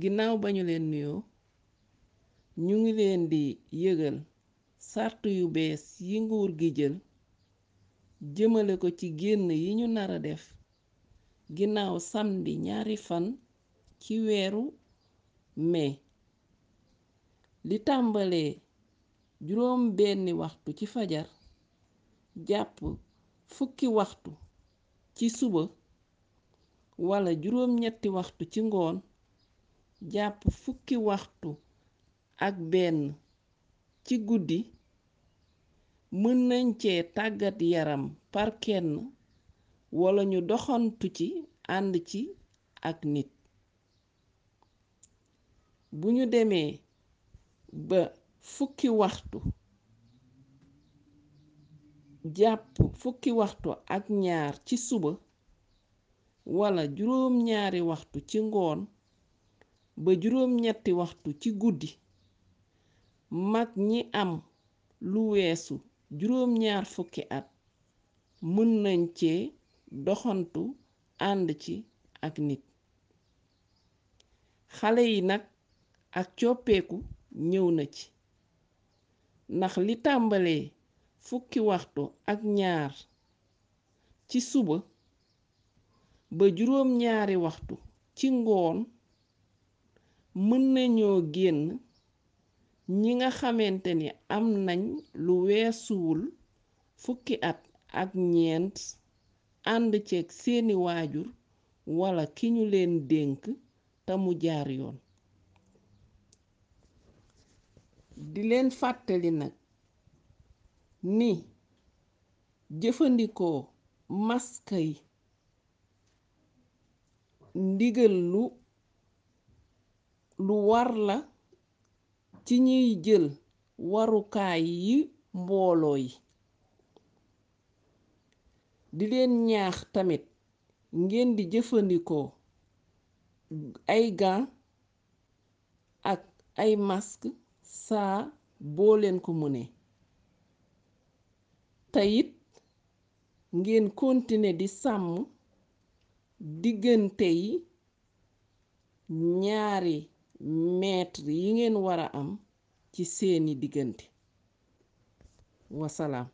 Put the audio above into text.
ginnaaw ba ñu leen nuyoo ñu ngi leen di yëgal sàrt yu bees yi nguur gi jël jëmale ko ci génn yi ñu nar a def ginnaaw samedi ñaari fan ci weeru mai li tàmbalee juróom benni waxtu ci fajar jàpp fukki waxtu ci suba wala juróom ñetti waxtu ci ngoon jàpp fukki waxtu ak benn ci guddi mën nañ cee tàggat yaram par kenn wala ñu doxantu ci ànd ci ak nit bu ñu demee ba fukki waxtu jàpp fukki waxtu ak ñaar ci suba wala juróom ñaari waxtu ci ngoon ba juróom-ñetti waxtu ci guddi mag ñi am lu weesu juróom-ñaar fukki at mën nañ cee doxantu ànd ci ak nit xale yi nag ak coppeeku ñëw na ci ndax li tàmbalee fukki waxtu ak ñaar ci suba ba juróom-ñaari waxtu ci ngoon mën nañoo génn ñi nga xamante ni am nañ lu weesuwul fukki at ak ñeent ànd ceeg seeni waajur walla ki ñu leen dénk te mu jaar yoon di leen fàttali nag ni jëfandikoo maska yi ndigal lu lu war la ci ñuy jël warukaay yi mbooloo yi di leen ñaax tamit ngeen di jëfandikoo ay gants ak ay mask saa boo leen ko mënee te it ngeen continuer di sàmm diggante yi ñaari mètre yi ngeen war a am ci seeni diggante wasalaam